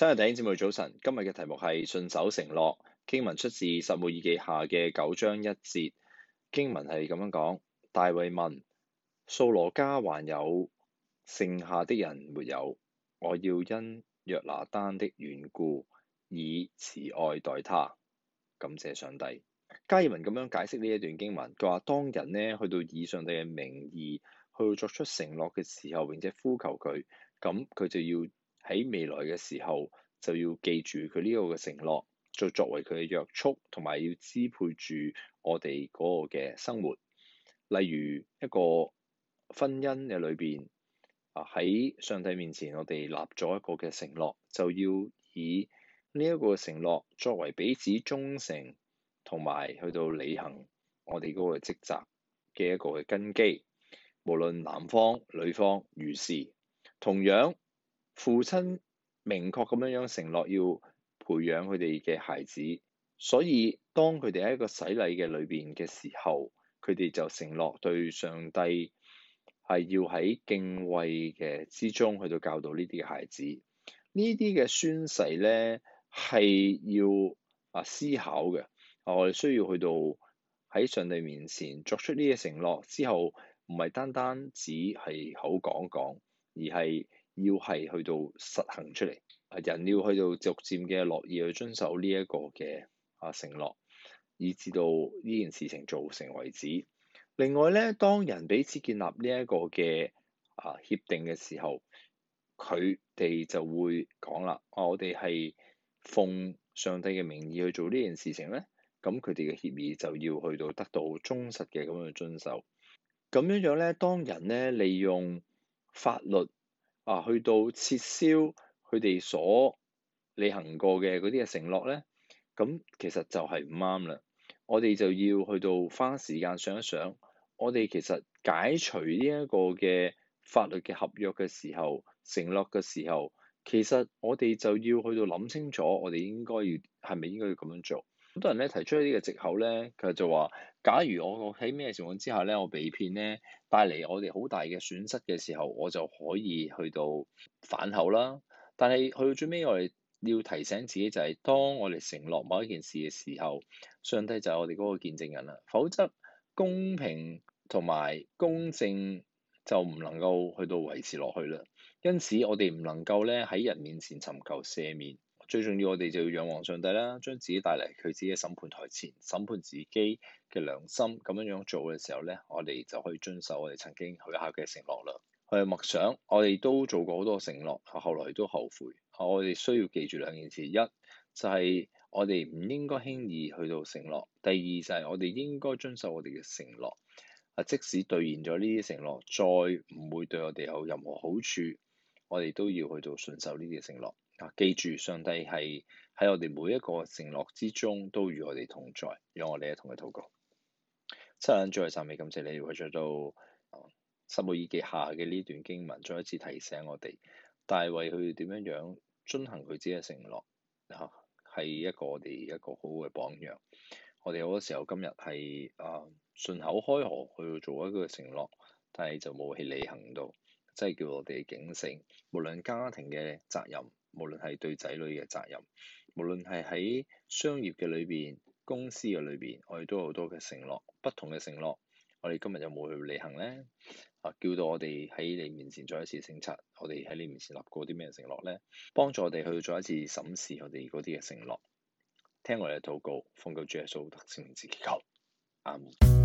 今日第一點節目早晨，今日嘅題目係信守承諾。經文出自《撒母耳記》下嘅九章一節。經文係咁樣講：大衛問掃羅家還有剩下的人沒有？我要因約拿丹的緣故以慈愛待他，感謝上帝。加爾文咁樣解釋呢一段經文，佢話當人呢去到以上帝嘅名義去作出承諾嘅時候，並且呼求佢，咁佢就要。喺未來嘅時候就要記住佢呢個嘅承諾，就作為佢嘅約束，同埋要支配住我哋嗰個嘅生活。例如一個婚姻嘅裏邊，啊喺上帝面前，我哋立咗一個嘅承諾，就要以呢一個嘅承諾作為彼此忠誠同埋去到履行我哋嗰個職責嘅一個嘅根基。無論男方女方，如是同樣。父親明確咁樣樣承諾要培養佢哋嘅孩子，所以當佢哋喺一個洗禮嘅裏邊嘅時候，佢哋就承諾對上帝係要喺敬畏嘅之中去到教導呢啲孩子。呢啲嘅宣誓咧係要啊思考嘅，我哋需要去到喺上帝面前作出呢啲承諾之後，唔係單單只係口講講，而係。要係去到實行出嚟，人要去到逐漸嘅樂意去遵守呢一個嘅啊承諾，以至到呢件事情做成為止。另外咧，當人彼此建立呢一個嘅啊協定嘅時候，佢哋就會講啦，啊：我哋係奉上帝嘅名義去做呢件事情咧，咁佢哋嘅協議就要去到得到忠實嘅咁樣遵守。咁樣樣咧，當人咧利用法律。啊，去到撤銷佢哋所履行過嘅嗰啲嘅承諾咧，咁其實就係唔啱啦。我哋就要去到花時間想一想，我哋其實解除呢一個嘅法律嘅合約嘅時候，承諾嘅時候，其實我哋就要去到諗清楚，我哋應該要係咪應該要咁樣做？好多人咧提出呢個藉口咧，佢就話：假如我我喺咩情況之下咧，我被騙咧，帶嚟我哋好大嘅損失嘅時候，我就可以去到反口啦。但係去到最尾，我哋要提醒自己就係：當我哋承諾某一件事嘅時候，上帝就係我哋嗰個見證人啦。否則公平同埋公正就唔能夠去到維持落去啦。因此，我哋唔能夠咧喺人面前尋求赦免。最重要，我哋就要仰望上帝啦，將自己帶嚟佢自己嘅審判台前，審判自己嘅良心。咁樣樣做嘅時候呢，我哋就可以遵守我哋曾經許下嘅承諾啦。誒默想，嗯、我哋都做過好多承諾，後來都後悔。我哋需要記住兩件事：一就係、是、我哋唔應該輕易去到承諾；第二就係我哋應該遵守我哋嘅承諾。即使兌現咗呢啲承諾，再唔會對我哋有任何好處，我哋都要去到順受呢啲承諾。啊！記住，上帝係喺我哋每一個承諾之中，都與我哋同在。讓我哋一同去禱告。七兩再暫未感謝你，如為著到撒母耳記下嘅呢段經文，再一次提醒我哋，大衛佢點樣樣遵行佢自己嘅承諾，係一個我哋一個好好嘅榜樣。我哋好多時候今日係啊順口開河去做一個承諾，但係就冇去履行到，即係叫我哋警醒。無論家庭嘅責任，無論係對仔女嘅責任，無論係喺商業嘅裏邊、公司嘅裏邊，我哋都有好多嘅承諾，不同嘅承諾，我哋今日有冇去履行咧？啊，叫到我哋喺你面前再一次省察，我哋喺你面前立過啲咩承諾咧？幫助我哋去再一次審視，我哋嗰啲嘅承諾，聽我哋嘅禱告，奉救主耶穌得勝之求，阿門。